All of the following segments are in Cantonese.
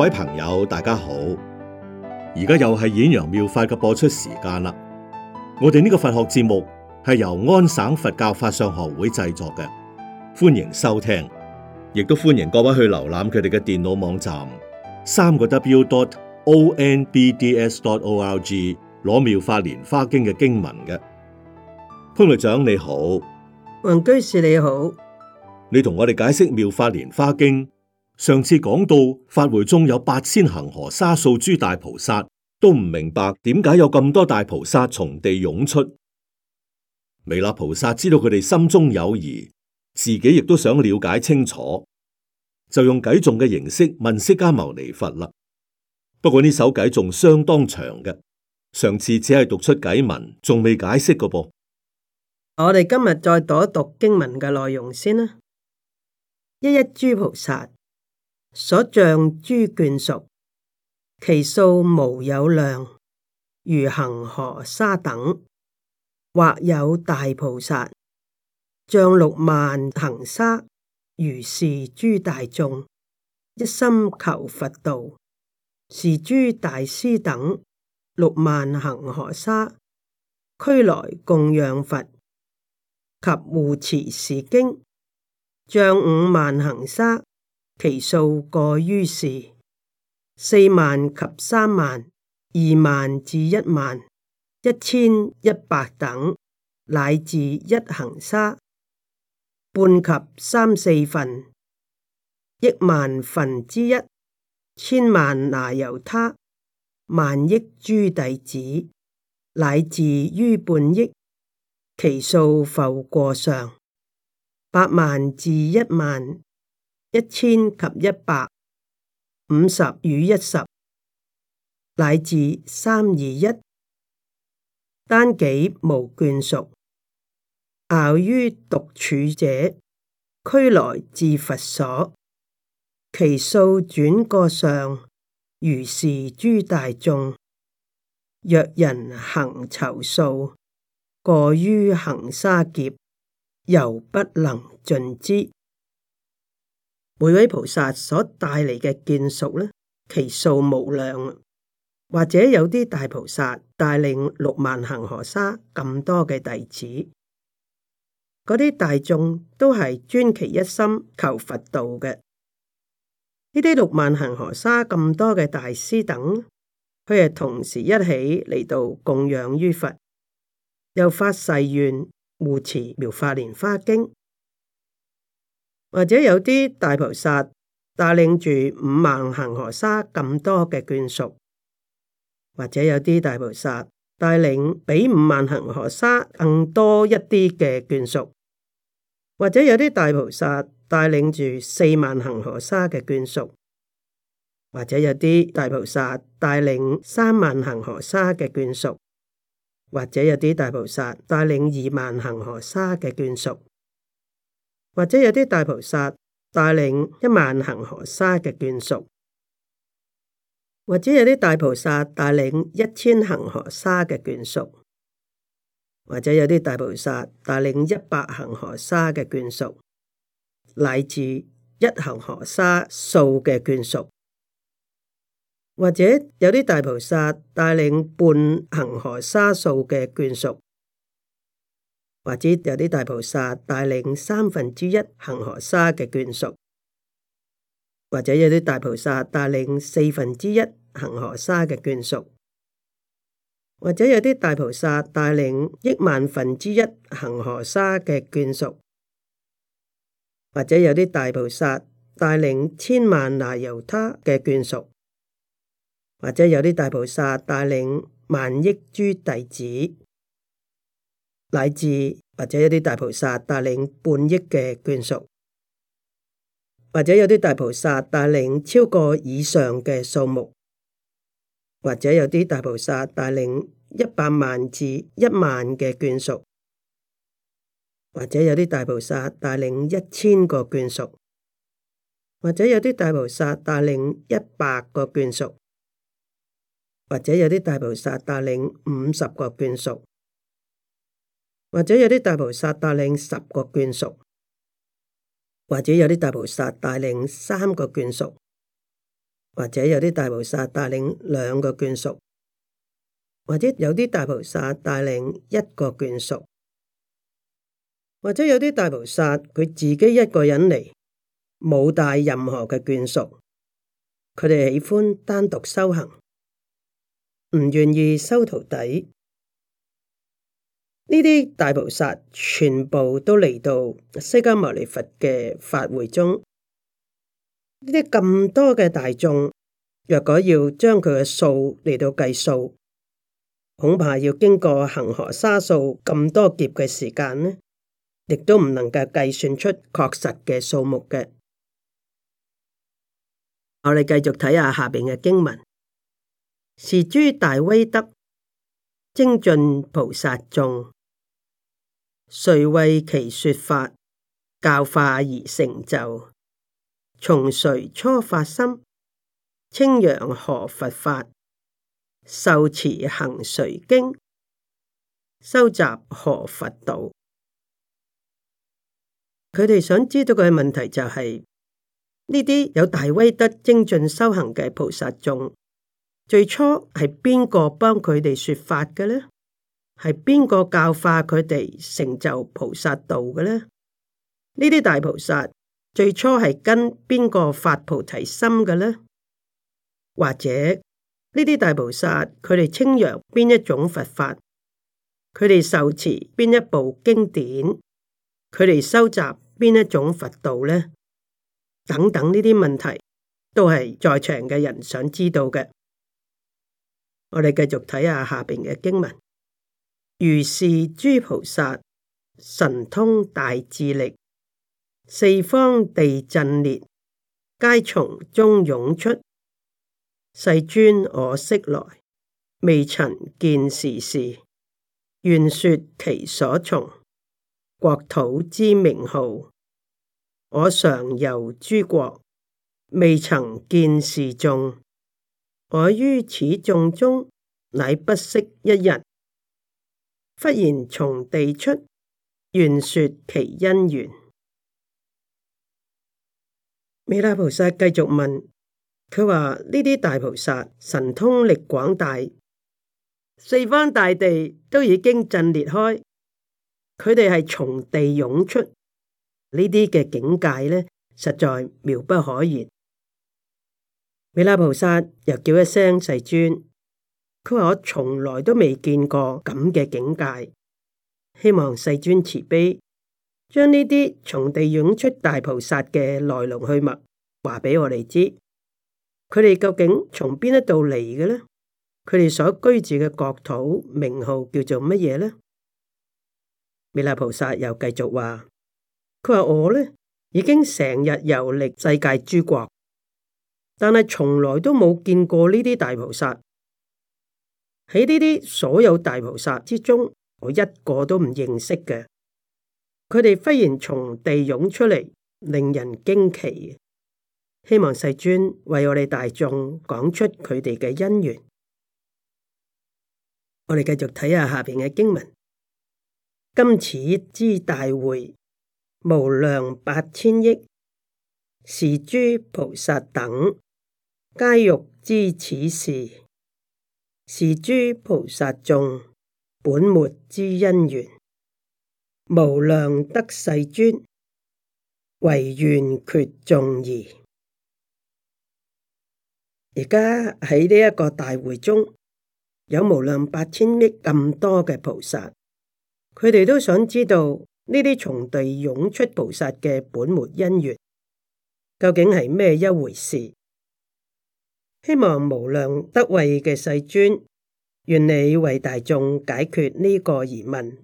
各位朋友，大家好！而家又係《演揚妙法》嘅播出時間啦。我哋呢個佛學節目係由安省佛教法相學會製作嘅，歡迎收聽，亦都歡迎各位去瀏覽佢哋嘅電腦網站三個 W dot O N B D S dot O R G 攞妙法蓮花經嘅經文嘅。潘律長你好，黃居士你好，你同我哋解釋妙法蓮花經。上次講到法會中有八千恒河沙數諸大菩薩都唔明白點解有咁多大菩薩從地涌出，彌勒菩薩知道佢哋心中有疑，自己亦都想了解清楚，就用偈頌嘅形式問釋迦牟尼佛啦。不過呢首偈頌相當長嘅，上次只係讀出偈文，仲未解釋個噃。我哋今日再讀一讀經文嘅內容先啦，一一諸菩薩。所將諸眷屬，其數無有量，如恒河沙等，或有大菩薩，將六萬恒沙，如是諸大眾，一心求佛道，是諸大師等六萬恒河沙，俱來供養佛及護持是經，將五萬恒沙。其數過於是，四萬及三萬二萬至一萬一千一百等，乃至一恒沙半，及三四分，億萬分之一千萬那由他，萬億諸弟子，乃至於半億，其數復過，過上百萬至一萬。一千及一百，五十與一十，乃至三二一，單己無眷屬，樂於獨處者，俱來自佛所，其數轉過上，如是諸大眾，若人行籌數，過於恒沙劫，猶不能盡知。每位菩薩所帶嚟嘅眷屬呢，其數無量，或者有啲大菩薩帶領六萬恒河沙咁多嘅弟子，嗰啲大眾都係專其一心求佛道嘅。呢啲六萬恒河沙咁多嘅大師等，佢係同時一起嚟到供養於佛，又發誓願護持《妙法蓮花經》。或者有啲大菩薩帶領住五萬恒河沙咁多嘅眷屬，或者有啲大菩薩帶領比五萬恒河沙更多一啲嘅眷屬，或者有啲大菩薩帶領住四萬恒河沙嘅眷屬，或者有啲大菩薩帶領三萬恒河沙嘅眷屬，或者有啲大菩薩帶領二萬恒河沙嘅眷屬。或者有啲大菩薩帶領一萬恒河沙嘅眷屬，或者有啲大菩薩帶領一千恒河沙嘅眷屬，或者有啲大菩薩帶領一百恒河沙嘅眷屬，乃至一恒河沙數嘅眷屬，或者有啲大菩薩帶領半恒河沙數嘅眷屬。或者有啲大菩薩帶領三分之一恒河沙嘅眷屬，或者有啲大菩薩帶領四分之一恒河沙嘅眷屬，或者有啲大菩薩帶領億萬分之一恒河沙嘅眷屬，或者有啲大菩薩帶領千萬那由他嘅眷屬，或者有啲大菩薩帶領萬億諸弟子。乃至或者有啲大菩薩帶領半億嘅眷屬，或者有啲大菩薩帶領超過以上嘅數目，或者有啲大菩薩帶領一百萬至一萬嘅眷屬，或者有啲大菩薩帶領一千個眷屬，或者有啲大菩薩帶領一百個眷屬，或者有啲大菩薩帶領五十個眷屬。或者有啲大菩薩帶領十個眷屬，或者有啲大菩薩帶領三個眷屬，或者有啲大菩薩帶領兩個眷屬，或者有啲大菩薩帶領一個眷屬，或者有啲大菩薩佢自己一個人嚟，冇帶任何嘅眷屬，佢哋喜歡單獨修行，唔願意收徒弟。呢啲大菩薩全部都嚟到釋迦牟尼佛嘅法會中，呢啲咁多嘅大眾，若果要將佢嘅數嚟到計數，恐怕要經過恒河沙數咁多劫嘅時間咧，亦都唔能夠計算出確實嘅數目嘅。我哋繼續睇下下邊嘅經文，是諸大威德精進菩薩眾。誰為其說法教化而成就？從誰初發心？清揚何佛法？受持行誰經？收集何佛道？佢哋想知道佢嘅問題就係呢啲有大威德精進修行嘅菩薩眾，最初係邊個幫佢哋說法嘅呢？係邊個教化佢哋成就菩薩道嘅咧？呢啲大菩薩最初係跟邊個發菩提心嘅咧？或者呢啲大菩薩佢哋稱揚邊一種佛法？佢哋受持邊一部經典？佢哋收集邊一種佛道咧？等等呢啲問題都係在場嘅人想知道嘅。我哋繼續睇下下面嘅經文。如是諸菩薩神通大智力，四方地震裂，皆從中涌出。世尊我來，我昔來未曾見是事，願說其所從國土之名號。我常游諸國，未曾見是眾。我於此眾中乃不識一人。忽然從地出，願說其因緣。彌勒菩薩繼續問，佢話呢啲大菩薩神通力廣大，四方大地都已經震裂開，佢哋係從地涌出呢啲嘅境界呢，實在妙不可言。彌勒菩薩又叫一聲世尊。佢話我從來都未見過咁嘅境界，希望世尊慈悲將呢啲從地涌出大菩薩嘅來龍去脈話俾我哋知，佢哋究竟從邊一度嚟嘅呢？佢哋所居住嘅國土名號叫做乜嘢呢？彌勒菩薩又繼續話：佢話我咧已經成日遊歷世界諸國，但係從來都冇見過呢啲大菩薩。喺呢啲所有大菩薩之中，我一個都唔認識嘅。佢哋忽然從地涌出嚟，令人驚奇。希望世尊為我哋大眾講出佢哋嘅因緣。我哋繼續睇下下面嘅經文。今此之大會，無量百千億，是諸菩薩等皆欲知此事。是諸菩薩眾本末之因緣，無量得世尊，唯願決眾疑。而家喺呢一個大會中，有無量八千億咁多嘅菩薩，佢哋都想知道呢啲從地涌出菩薩嘅本末因緣，究竟係咩一回事？希望無量德慧嘅世尊，願你為大眾解決呢個疑問。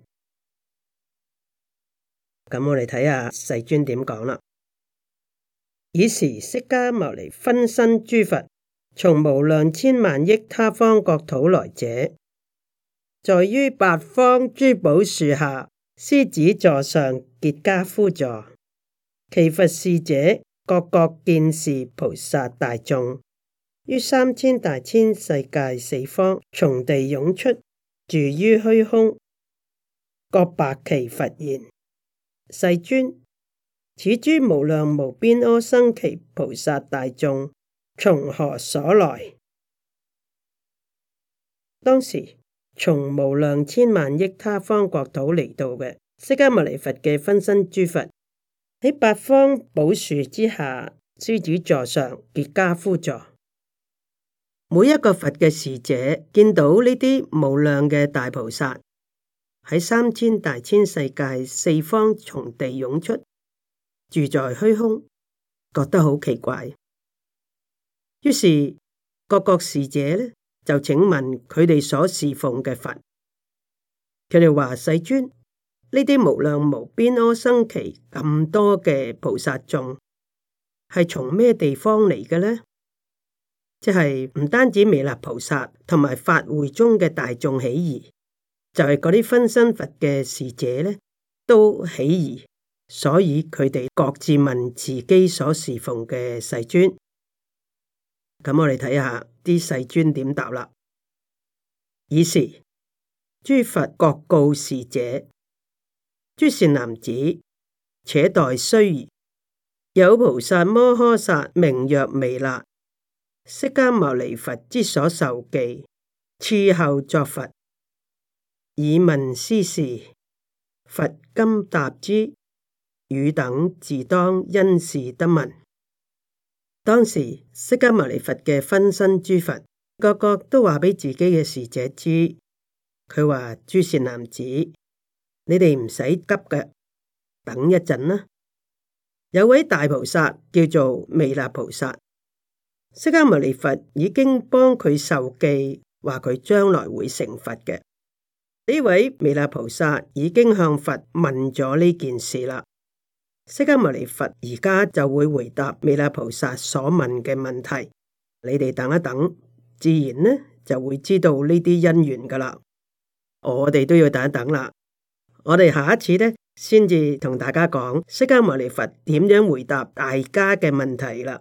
咁我哋睇下世尊點講啦。以時釋迦牟尼分身諸佛，從無量千萬億他方國土來者，在於八方諸寶樹下獅子座上結跏趺坐。其佛侍者各各見是菩薩大眾。於三千大千世界四方，從地涌出，住於虛空，各白其佛言：世尊，此諸無量無邊阿僧祇菩薩大眾，從何所來？當時從無量千萬億他方國土嚟到嘅釋迦牟尼佛嘅分身諸佛，喺八方寶樹之下，獅子座上結跏趺坐。每一個佛嘅侍者見到呢啲無量嘅大菩薩喺三千大千世界四方從地涌出，住在虛空，覺得好奇怪。於是各國侍者咧就請問佢哋所侍奉嘅佛，佢哋話，世尊，呢啲無量無邊阿僧祇咁多嘅菩薩眾係從咩地方嚟嘅呢？」即係唔單止彌勒菩薩同埋法會中嘅大眾起疑，就係嗰啲分身佛嘅侍者咧，都起疑，所以佢哋各自問自己所侍奉嘅世尊。咁我哋睇下啲世尊點答啦。以時諸佛各告侍者：諸善男子，且待須臾，有菩薩摩訶薩名曰彌勒。釋迦牟尼佛之所受記，次後作佛，以問斯事。佛今答之，汝等自當因事得聞。當時釋迦牟尼佛嘅分身諸佛，個個都話俾自己嘅侍者知。佢話，諸善男子，你哋唔使急嘅，等一陣啦。有位大菩薩叫做彌勒菩薩。釋迦牟尼佛已經幫佢受記，話佢將來會成佛嘅。呢位彌勒菩薩已經向佛問咗呢件事啦。釋迦牟尼佛而家就會回答彌勒菩薩所問嘅問題。你哋等一等，自然呢就會知道呢啲因緣噶啦。我哋都要等一等啦。我哋下一次呢，先至同大家講釋迦牟尼佛點樣回答大家嘅問題啦。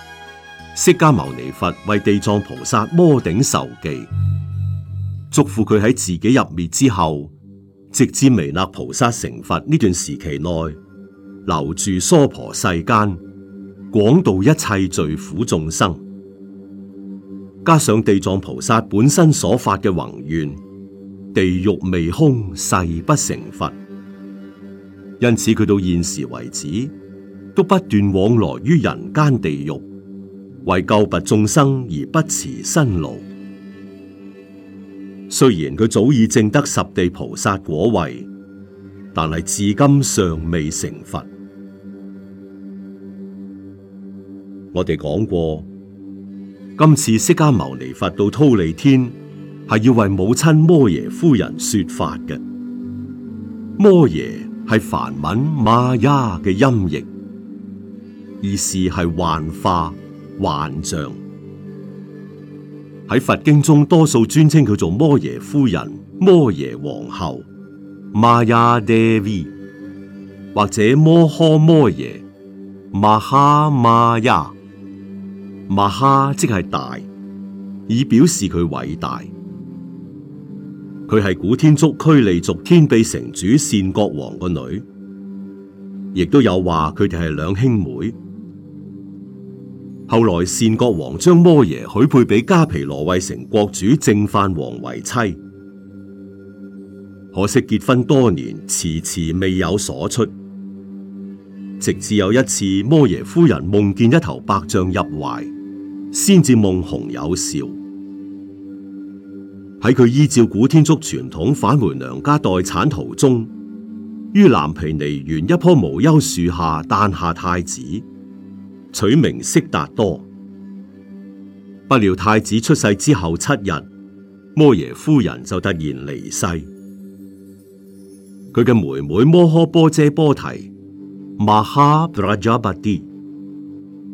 釋迦牟尼佛為地藏菩薩摩頂授記，囑咐佢喺自己入滅之後，直至彌勒菩薩成佛呢段時期內，留住娑婆世間，廣度一切罪苦眾生。加上地藏菩薩本身所發嘅宏願，地獄未空，誓不成佛。因此佢到現時為止，都不斷往來於人間地獄。為救拔眾生而不辭辛勞，雖然佢早已證得十地菩薩果位，但係至今尚未成佛。我哋講過，今次釋迦牟尼佛到忉利天係要為母親摩耶夫人說法嘅。摩耶係梵文瑪雅嘅音譯，意思係幻化。幻象喺佛經中，多數尊稱佢做摩耶夫人、摩耶皇后、瑪耶爹維或者摩訶摩耶、摩哈瑪耶、摩哈，即係大，以表示佢偉大。佢係古天竺拘利族天臂城主善國王個女，亦都有話佢哋係兩兄妹。後來，善國王將摩耶許配俾迦毗羅衛城國主淨飯王為妻。可惜結婚多年，遲遲未有所出。直至有一次，摩耶夫人夢見一頭白象入懷，先至夢熊有兆。喺佢依照古天竺傳統返回娘家待產途中，於藍毗尼園一棵無憂樹下誕下太子。取名悉達多，不料太子出世之後七日，摩耶夫人就突然離世。佢嘅妹妹摩訶波遮波提，Mahāprajāpatī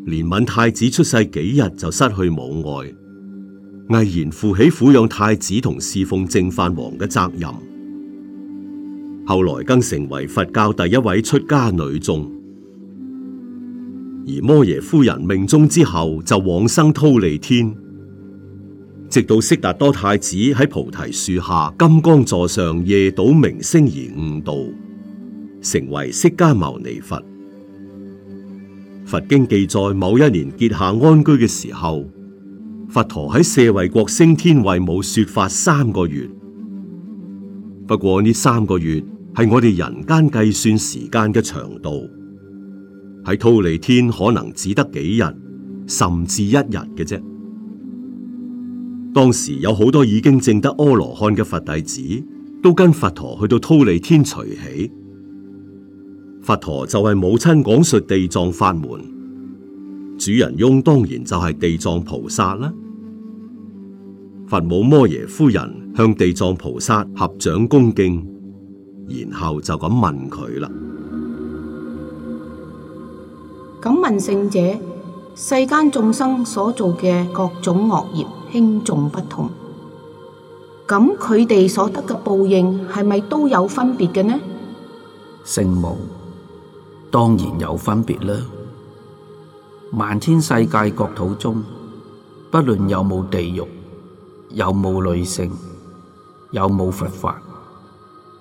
憐憫太子出世幾日就失去母愛，毅然負起撫養太子同侍奉淨飯王嘅責任。後來更成為佛教第一位出家女眾。而摩耶夫人命終之後就往生忉利天，直到悉達多太子喺菩提樹下金剛座上夜睹明星而悟道，成為釋迦牟尼佛。佛經記載，某一年結夏安居嘅時候，佛陀喺舍衛國升天為母說法三個月。不過呢三個月係我哋人間計算時間嘅長度。喺忉利天可能只得幾日，甚至一日嘅啫。當時有好多已經證得阿羅漢嘅佛弟子，都跟佛陀去到忉利天隨喜。佛陀就係母親講述地藏法門，主人翁當然就係地藏菩薩啦。佛母摩耶夫人向地藏菩薩合掌恭敬，然後就咁問佢啦。敢問聖者，世間眾生所做嘅各種惡業輕重不同，咁佢哋所得嘅報應係咪都有分別嘅呢？聖母當然有分別啦！萬千世界國土中，不論有冇地獄，有冇女性，有冇佛法，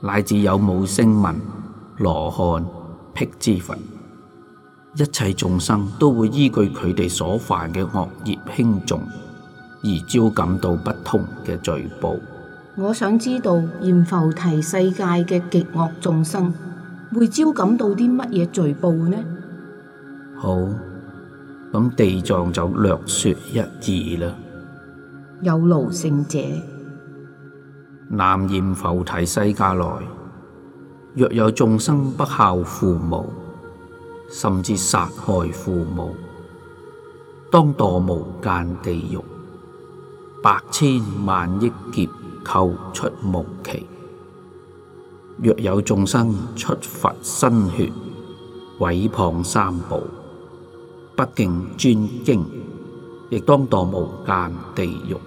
乃至有冇聲聞、羅漢、辟支佛。一切眾生都會依據佢哋所犯嘅惡業輕重而招感到不同嘅罪報。我想知道閻浮提世界嘅極惡眾生會招感到啲乜嘢罪報呢？好，咁地藏就略説一二啦。有勞聖者，南閻浮提世界內，若有眾生不孝父母。甚至殺害父母，當墮無間地獄，百千萬億劫，求出無期。若有眾生出佛身血，毀謗三寶，不敬尊經，亦當墮無間地獄，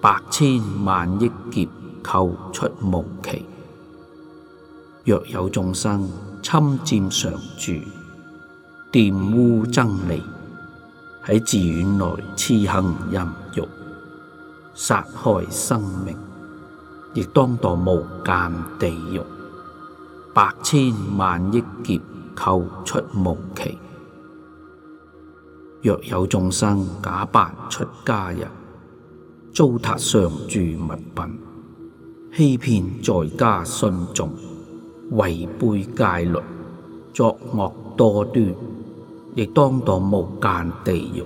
百千萬億劫，求出無期。若有眾生侵佔常住，玷污僧尼，喺寺院內恣行淫欲，殺害生命，亦當墮無間地獄，百千萬億劫，求出無期。若有眾生假扮出家人，糟蹋常住物品，欺騙在家信眾。違背戒律，作惡多端，亦當墮無間地獄，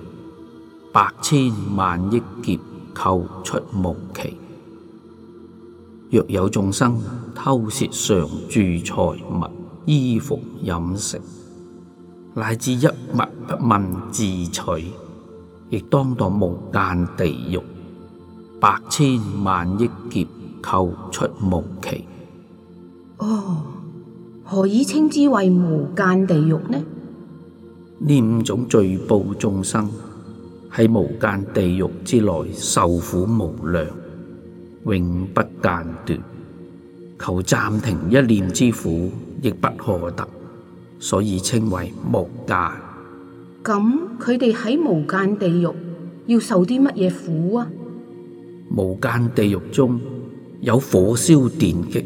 百千萬億劫，求出無期。若有眾生偷竊常住財物、衣服、飲食，乃至一物不問自取，亦當墮無間地獄，百千萬億劫，求出無期。哦。何以稱之為無間地獄呢？呢五種罪報眾生喺無間地獄之內受苦無量，永不間斷，求暫停一念之苦亦不可得，所以稱為無間。咁佢哋喺無間地獄要受啲乜嘢苦啊？無間地獄中有火燒電擊。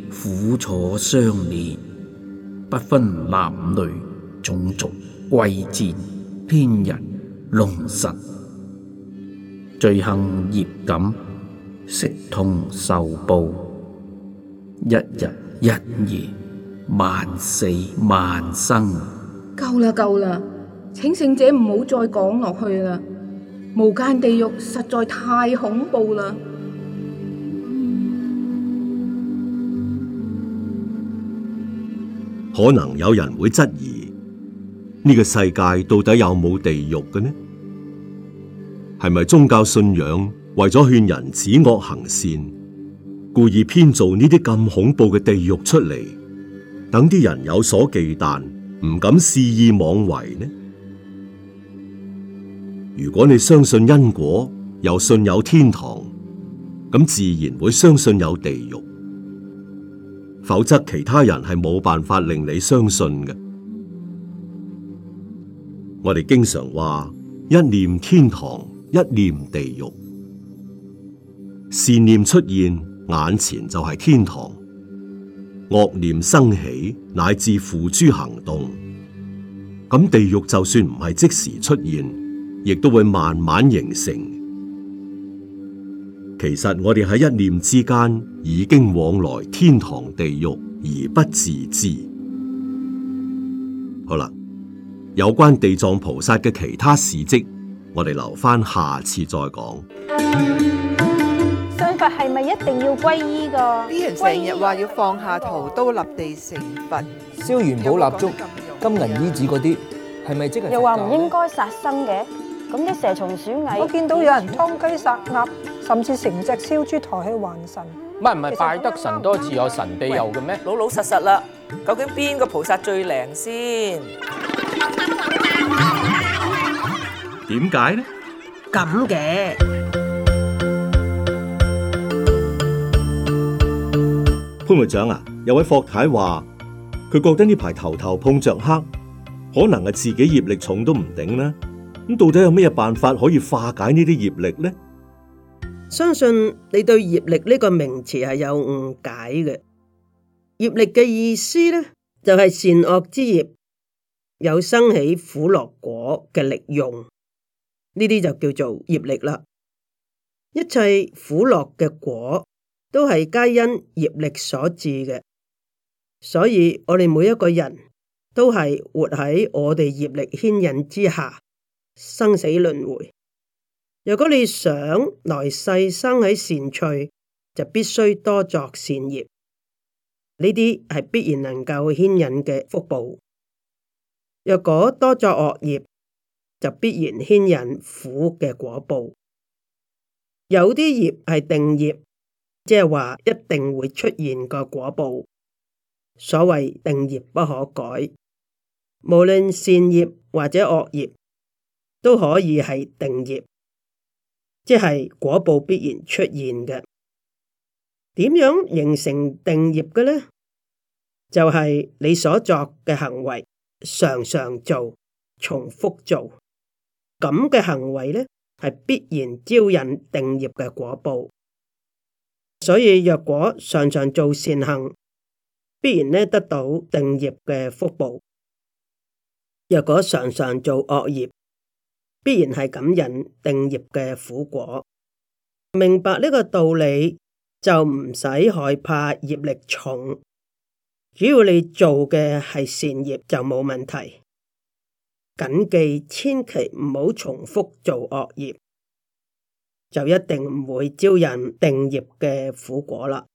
苦楚相連，不分男女、種族、貴賤、天人龍神，罪行業感，悉同受報，一日一夜，萬死萬生。夠啦，夠啦，請聖者唔好再講落去啦！無間地獄實在太恐怖啦！可能有人會質疑，呢個世界到底有冇地獄嘅呢？係咪宗教信仰為咗勸人止惡行善，故意編造呢啲咁恐怖嘅地獄出嚟，等啲人有所忌憚，唔敢肆意妄為呢？如果你相信因果，又信有天堂，咁自然會相信有地獄。否則其他人係冇辦法令你相信嘅。我哋經常話一念天堂，一念地獄。善念出現眼前就係天堂，惡念生起乃至付諸行動，咁地獄就算唔係即時出現，亦都會慢慢形成。其實我哋喺一念之間已經往來天堂地獄而不自知。好啦，有關地藏菩薩嘅其他事跡，我哋留翻下，下次再講。信佛係咪一定要皈依噶？啲人成日話要放下屠刀立地成佛，燒元寶蠟燭、金銀衣紙嗰啲，係咪即係？又話唔應該殺生嘅，咁啲蛇蟲鼠蟻，我見到有人殺雞殺鴨。甚至成隻燒豬抬起還神。唔係，唔係拜得神多自有神庇佑嘅咩？老老實實啦，究竟邊個菩薩最靈先？點解呢？咁嘅潘會長啊，有位霍太話佢覺得呢排頭頭碰着黑，可能係自己業力重都唔頂呢。咁到底有咩辦法可以化解呢啲業力呢？相信你對業力呢個名詞係有誤解嘅，業力嘅意思呢，就係善惡之業有生起苦樂果嘅力用，呢啲就叫做業力啦。一切苦樂嘅果都係皆因業力所致嘅，所以我哋每一個人都係活喺我哋業力牽引之下，生死輪回。如果你想來世生喺善趣，就必須多作善業，呢啲係必然能夠牽引嘅福報。若果多作惡業，就必然牽引苦嘅果報。有啲業係定業，即係話一定會出現個果報。所謂定業不可改，無論善業或者惡業，都可以係定業。即係果報必然出現嘅，點樣形成定業嘅咧？就係、是、你所作嘅行為，常常做、重複做，咁嘅行為咧係必然招引定業嘅果報。所以若果常常做善行，必然咧得到定業嘅福報；若果常常做惡業，必然係感引定業嘅苦果。明白呢個道理就唔使害怕業力重，只要你做嘅係善業就冇問題。謹記，千祈唔好重複做惡業，就一定唔會招引定業嘅苦果啦。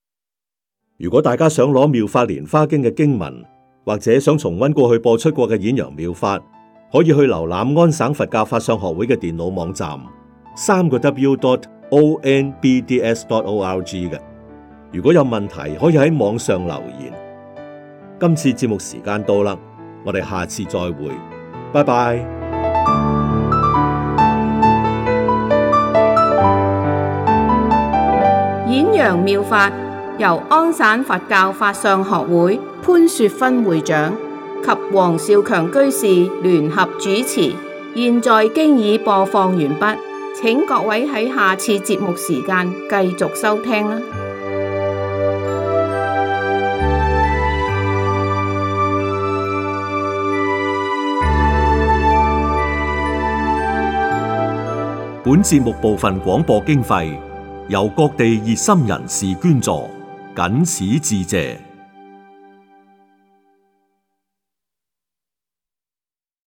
如果大家想攞妙法蓮花經嘅經文，或者想重溫過去播出過嘅演揚妙法。可以去瀏覽安省佛教法相學會嘅電腦網站，三個 W dot O N B D S dot O R G 嘅。如果有問題，可以喺網上留言。今次節目時間到啦，我哋下次再會，拜拜。演揚妙法由安省佛教法相學會潘雪芬會長。及黃少強居士聯合主持，現在經已播放完畢，請各位喺下次節目時間繼續收聽啦。本節目部分廣播經費由各地熱心人士捐助，謹此致謝。